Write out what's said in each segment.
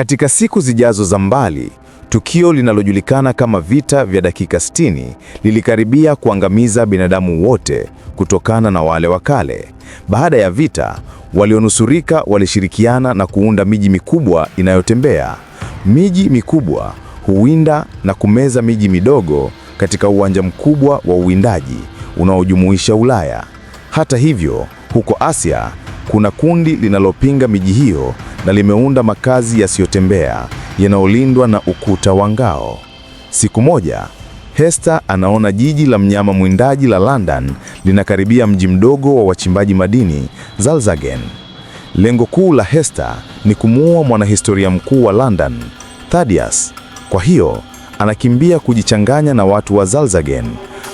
Katika siku zijazo za mbali, tukio linalojulikana kama vita vya dakika 60 lilikaribia kuangamiza binadamu wote kutokana na wale wa kale. Baada ya vita, walionusurika walishirikiana na kuunda miji mikubwa inayotembea. Miji mikubwa huwinda na kumeza miji midogo katika uwanja mkubwa wa uwindaji unaojumuisha Ulaya. Hata hivyo, huko Asia kuna kundi linalopinga miji hiyo na limeunda makazi yasiyotembea yanayolindwa na ukuta wa ngao. Siku moja, Hester anaona jiji la mnyama mwindaji la London linakaribia mji mdogo wa wachimbaji madini Zalzagen. Lengo kuu la Hester ni kumuua mwanahistoria mkuu wa London, Thaddeus. Kwa hiyo, anakimbia kujichanganya na watu wa Zalzagen,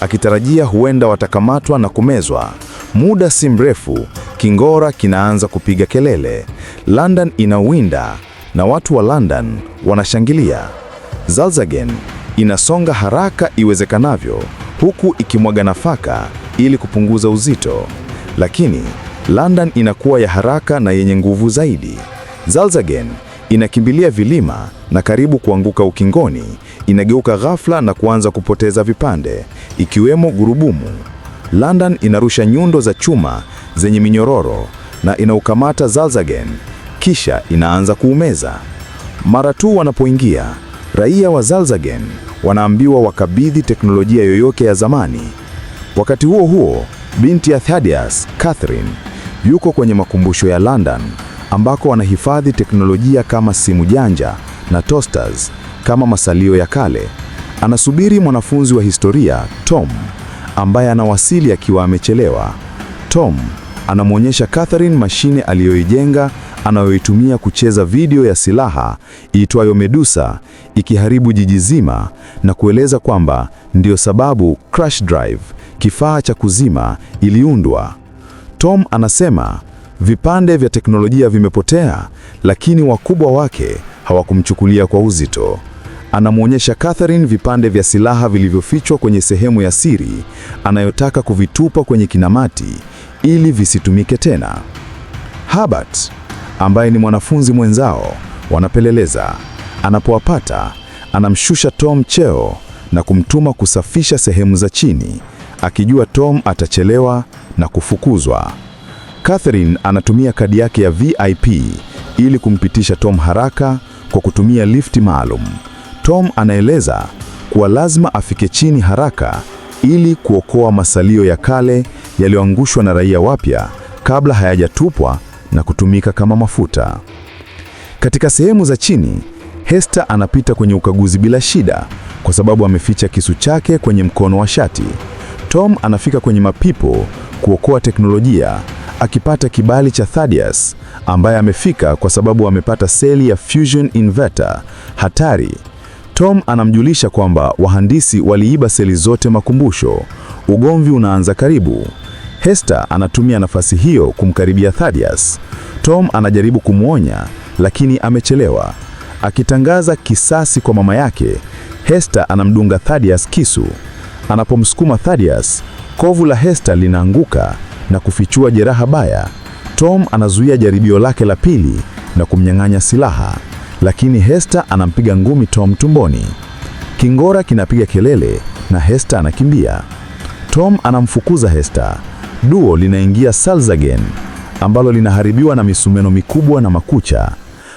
akitarajia huenda watakamatwa na kumezwa. Muda si mrefu, Kingora kinaanza kupiga kelele, London inawinda na watu wa London wanashangilia. Zalzagen inasonga haraka iwezekanavyo, huku ikimwaga nafaka ili kupunguza uzito, lakini London inakuwa ya haraka na yenye nguvu zaidi. Zalzagen inakimbilia vilima na karibu kuanguka ukingoni, inageuka ghafla na kuanza kupoteza vipande, ikiwemo gurubumu London inarusha nyundo za chuma zenye minyororo na inaukamata Zalzagen, kisha inaanza kuumeza. Mara tu wanapoingia, raia wa Zalzagen wanaambiwa wakabidhi teknolojia yoyote ya zamani. Wakati huo huo, binti ya Thaddeus, Catherine, yuko kwenye makumbusho ya London ambako wanahifadhi teknolojia kama simu janja na toasters kama masalio ya kale. Anasubiri mwanafunzi wa historia Tom ambaye anawasili akiwa amechelewa. Tom anamwonyesha Catherine mashine aliyoijenga anayoitumia kucheza video ya silaha iitwayo Medusa ikiharibu jiji zima na kueleza kwamba ndiyo sababu crash drive, kifaa cha kuzima, iliundwa. Tom anasema vipande vya teknolojia vimepotea, lakini wakubwa wake hawakumchukulia kwa uzito. Anamwonyesha Catherine vipande vya silaha vilivyofichwa kwenye sehemu ya siri anayotaka kuvitupa kwenye kinamati ili visitumike tena. Herbert ambaye ni mwanafunzi mwenzao wanapeleleza. Anapowapata, anamshusha Tom cheo na kumtuma kusafisha sehemu za chini, akijua Tom atachelewa na kufukuzwa. Catherine anatumia kadi yake ya VIP ili kumpitisha Tom haraka kwa kutumia lifti maalum. Tom anaeleza kuwa lazima afike chini haraka ili kuokoa masalio ya kale yaliyoangushwa na raia wapya kabla hayajatupwa na kutumika kama mafuta. Katika sehemu za chini, Hester anapita kwenye ukaguzi bila shida kwa sababu ameficha kisu chake kwenye mkono wa shati. Tom anafika kwenye mapipo kuokoa teknolojia akipata kibali cha Thaddeus ambaye amefika kwa sababu amepata seli ya fusion inverter hatari Tom anamjulisha kwamba wahandisi waliiba seli zote makumbusho. Ugomvi unaanza karibu. Hester anatumia nafasi hiyo kumkaribia Thaddeus. Tom anajaribu kumwonya lakini amechelewa. Akitangaza kisasi kwa mama yake, Hester anamdunga Thaddeus kisu. Anapomsukuma Thaddeus, kovu la Hester linaanguka na kufichua jeraha baya. Tom anazuia jaribio lake la pili na kumnyang'anya silaha lakini Hester anampiga ngumi Tom tumboni. Kingora kinapiga kelele na Hester anakimbia. Tom anamfukuza Hester. Duo linaingia Salzagen ambalo linaharibiwa na misumeno mikubwa na makucha.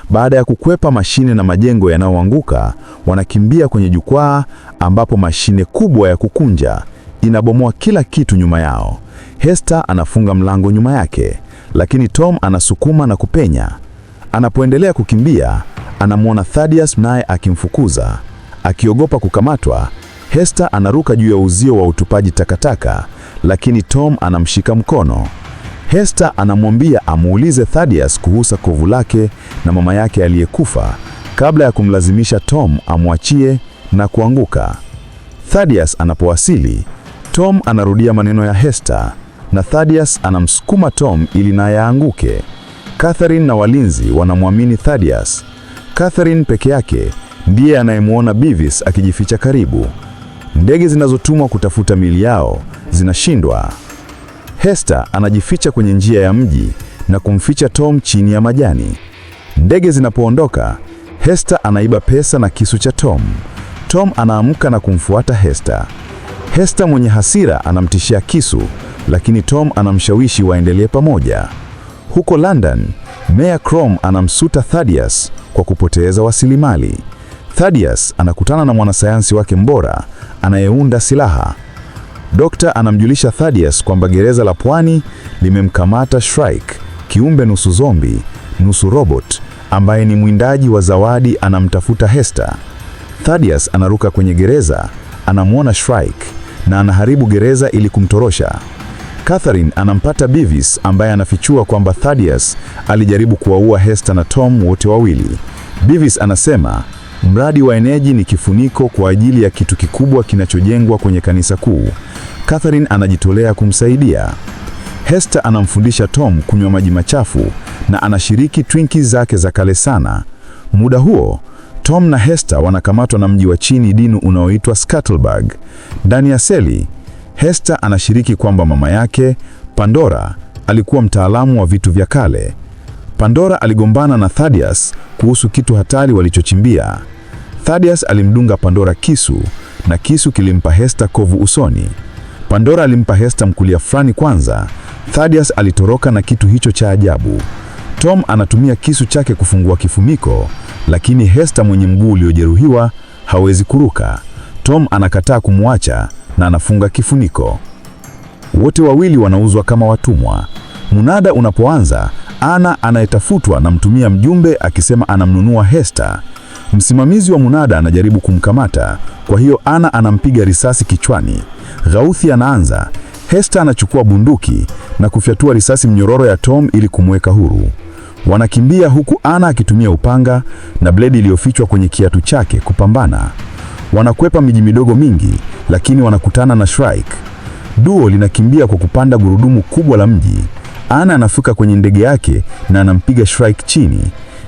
Baada ya kukwepa mashine na majengo yanayoanguka, wanakimbia kwenye jukwaa ambapo mashine kubwa ya kukunja inabomoa kila kitu nyuma yao. Hester anafunga mlango nyuma yake, lakini Tom anasukuma na kupenya. Anapoendelea kukimbia, anamwona Thaddeus naye akimfukuza. Akiogopa kukamatwa, Hester anaruka juu ya uzio wa utupaji takataka, lakini Tom anamshika mkono. Hester anamwambia amuulize Thaddeus kuhusu kovu lake na mama yake aliyekufa kabla ya kumlazimisha Tom amwachie na kuanguka. Thaddeus anapowasili, Tom anarudia maneno ya Hester na Thaddeus anamsukuma Tom ili naye aanguke. Catherine na walinzi wanamwamini Thaddeus Catherine peke yake ndiye anayemwona Beavis akijificha karibu. Ndege zinazotumwa kutafuta mili yao zinashindwa. Hester anajificha kwenye njia ya mji na kumficha Tom chini ya majani. Ndege zinapoondoka, Hester anaiba pesa na kisu cha Tom. Tom anaamka na kumfuata Hester. Hester mwenye hasira anamtishia kisu, lakini Tom anamshawishi waendelee pamoja. Huko London, Meya krom anamsuta Thaddeus kwa kupoteza wasilimali. Thaddeus anakutana na mwanasayansi wake mbora anayeunda silaha. Dokta anamjulisha Thaddeus kwamba gereza la Pwani limemkamata Shrike, kiumbe nusu zombi, nusu robot ambaye ni mwindaji wa zawadi anamtafuta Hester. Thaddeus anaruka kwenye gereza, anamwona Shrike na anaharibu gereza ili kumtorosha. Catherine anampata Beavis ambaye anafichua kwamba Thaddeus alijaribu kuwaua Hester na Tom wote wawili. Beavis anasema mradi wa eneji ni kifuniko kwa ajili ya kitu kikubwa kinachojengwa kwenye kanisa kuu. Catherine anajitolea kumsaidia. Hester anamfundisha Tom kunywa maji machafu na anashiriki twinki zake za kale sana. Muda huo Tom na Hester wanakamatwa na mji wa chini dinu unaoitwa Scuttlebug. Ndani ya seli Hesta anashiriki kwamba mama yake Pandora alikuwa mtaalamu wa vitu vya kale. Pandora aligombana na Thaddeus kuhusu kitu hatari walichochimbia. Thaddeus alimdunga Pandora kisu na kisu kilimpa Hesta kovu usoni. Pandora alimpa Hesta mkulia fulani kwanza. Thaddeus alitoroka na kitu hicho cha ajabu. Tom anatumia kisu chake kufungua kifumiko, lakini Hesta mwenye mguu uliojeruhiwa hawezi kuruka. Tom anakataa kumwacha na anafunga kifuniko. Wote wawili wanauzwa kama watumwa. Munada unapoanza, Ana anayetafutwa na mtumia mjumbe akisema anamnunua Hesta. Msimamizi wa Munada anajaribu kumkamata, kwa hiyo Ana anampiga risasi kichwani. Ghauthi anaanza, Hesta anachukua bunduki na kufyatua risasi mnyororo ya Tom ili kumweka huru. Wanakimbia huku Ana akitumia upanga na bledi iliyofichwa kwenye kiatu chake kupambana. Wanakwepa miji midogo mingi, lakini wanakutana na Shrike. Duo linakimbia kwa kupanda gurudumu kubwa la mji. Ana anafika kwenye ndege yake na anampiga Shrike chini.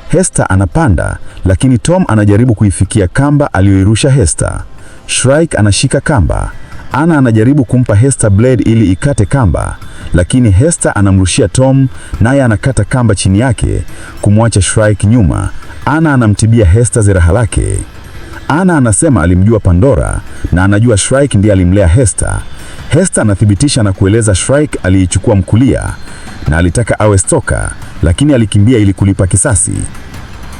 Hester anapanda, lakini Tom anajaribu kuifikia kamba aliyoirusha Hester. Shrike anashika kamba. Ana anajaribu kumpa Hester blade ili ikate kamba, lakini Hester anamrushia Tom, naye anakata kamba chini yake, kumwacha Shrike nyuma. Ana anamtibia Hester zeraha lake. Ana anasema alimjua Pandora na anajua Shrike ndiye alimlea Hester. Hester anathibitisha na kueleza Shrike aliichukua mkulia na alitaka awe stoka, lakini alikimbia ili kulipa kisasi.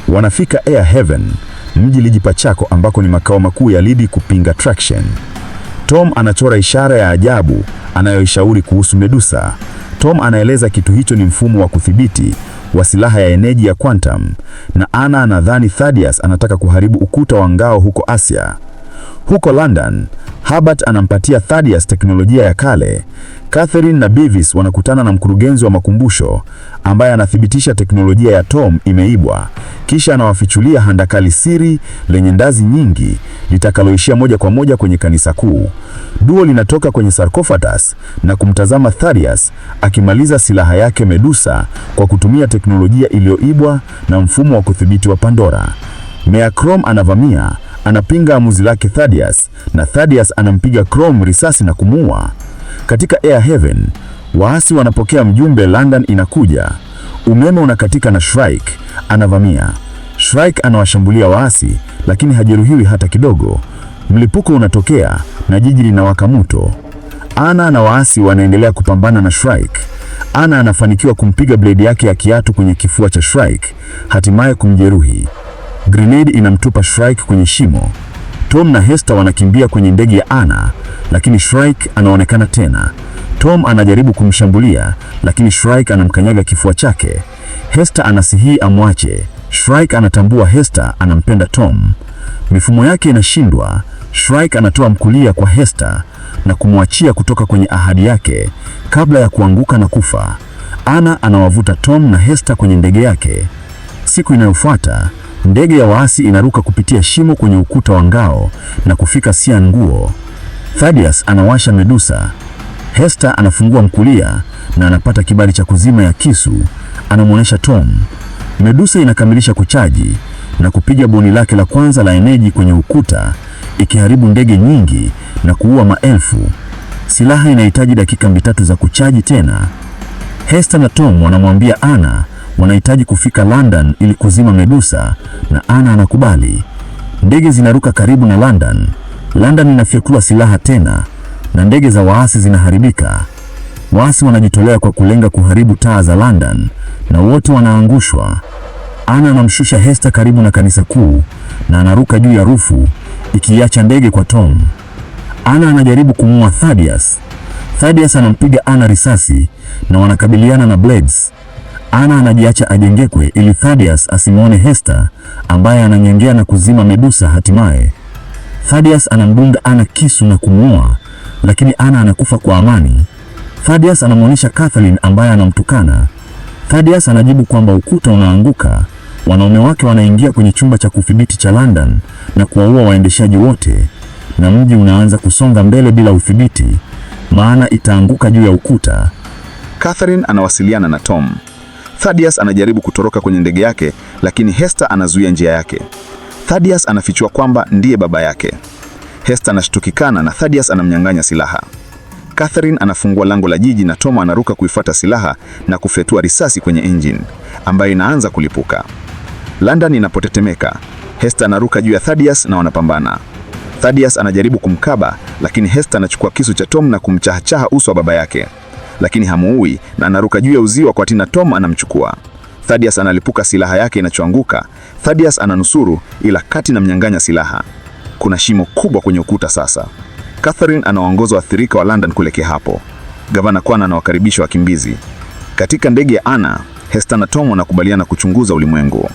Wanafika Air Heaven, mji lijipachako ambako ni makao makuu ya Lidi kupinga Traction. Tom anachora ishara ya ajabu anayoishauri kuhusu Medusa. Tom anaeleza kitu hicho ni mfumo wa kudhibiti wa silaha ya eneji ya quantum, na Ana anadhani Thaddeus anataka kuharibu ukuta wa ngao huko Asia. Huko London, Herbert anampatia Thaddeus teknolojia ya kale. Catherine na Beavis wanakutana na mkurugenzi wa makumbusho ambaye anathibitisha teknolojia ya Tom imeibwa, kisha anawafichulia handakali siri lenye ndazi nyingi litakaloishia moja kwa moja kwenye kanisa kuu. Duo linatoka kwenye sarcophagus na kumtazama Thaddeus akimaliza silaha yake Medusa kwa kutumia teknolojia iliyoibwa na mfumo wa kudhibiti wa Pandora. Mea Krom anavamia anapinga amuzi lake Thaddeus na Thaddeus anampiga Chrome risasi na kumuua. Katika Air Heaven, waasi wanapokea mjumbe London inakuja. Umeme unakatika na Shrike anavamia. Shrike anawashambulia waasi lakini hajeruhiwi hata kidogo. Mlipuko unatokea na jiji linawaka moto. Ana na waasi wanaendelea kupambana na Shrike. Ana anafanikiwa kumpiga blade yake ya kiatu kwenye kifua cha Shrike, hatimaye kumjeruhi. Grenade inamtupa Shrike kwenye shimo. Tom na Hester wanakimbia kwenye ndege ya Anna, lakini Shrike anaonekana tena. Tom anajaribu kumshambulia, lakini Shrike anamkanyaga kifua chake. Hester anasihi amwache. Shrike anatambua Hester anampenda Tom. Mifumo yake inashindwa. Shrike anatoa mkulia kwa Hester na kumwachia kutoka kwenye ahadi yake kabla ya kuanguka na kufa. Anna anawavuta Tom na Hester kwenye ndege yake. Siku inayofuata Ndege ya waasi inaruka kupitia shimo kwenye ukuta wa ngao na kufika nguo Thaddeus anawasha Medusa. Hester anafungua mkulia na anapata kibali cha kuzima ya kisu, anamwonyesha Tom. Medusa inakamilisha kuchaji na kupiga boni lake la kwanza la eneji kwenye ukuta, ikiharibu ndege nyingi na kuua maelfu. Silaha inahitaji dakika mbili tatu za kuchaji tena. Hester na Tom wanamwambia Ana wanahitaji kufika London ili kuzima Medusa na Ana anakubali. Ndege zinaruka karibu na London. London inafyekula silaha tena na ndege za waasi zinaharibika. Waasi wanajitolea kwa kulenga kuharibu taa za London na wote wanaangushwa. Ana anamshusha Hester karibu na kanisa kuu na anaruka juu ya rufu ikiacha ndege kwa Tom. Ana anajaribu kumua Thaddeus. Thaddeus anampiga Ana risasi na wanakabiliana na Blades. Ana anajiacha ajengekwe ili Thaddeus asimwone Hester ambaye ananyengea na kuzima Medusa. Hatimaye Thaddeus anamdunga Ana kisu na kumuua, lakini Ana anakufa kwa amani. Thaddeus anamwonyesha Kathleen ambaye anamtukana. Thaddeus anajibu kwamba ukuta unaanguka. Wanaume wake wanaingia kwenye chumba cha kudhibiti cha London na kuwaua waendeshaji wote, na mji unaanza kusonga mbele bila udhibiti, maana itaanguka juu ya ukuta. Catherine anawasiliana na Tom Thaddeus anajaribu kutoroka kwenye ndege yake, lakini Hester anazuia njia yake. Thaddeus anafichua kwamba ndiye baba yake. Hester anashtukikana na Thaddeus anamnyang'anya silaha. Catherine anafungua lango la jiji na Tom anaruka kuifuata silaha na kufyatua risasi kwenye engine ambayo inaanza kulipuka. London inapotetemeka, Hester anaruka juu ya Thaddeus na wanapambana. Thaddeus anajaribu kumkaba, lakini Hester anachukua kisu cha Tom na kumchahachaha uso wa baba yake lakini hamuui na anaruka juu ya uziwa kwa tina Tom anamchukua. Thaddeus analipuka silaha yake inachoanguka. Thaddeus ananusuru ila Kati namnyang'anya silaha. Kuna shimo kubwa kwenye ukuta sasa. Catherine anawaongoza waathirika wa London kuelekea hapo. Gavana Kwana anawakaribisha wakimbizi. Katika ndege ya Anna, Hester na Tom wanakubaliana kuchunguza ulimwengu.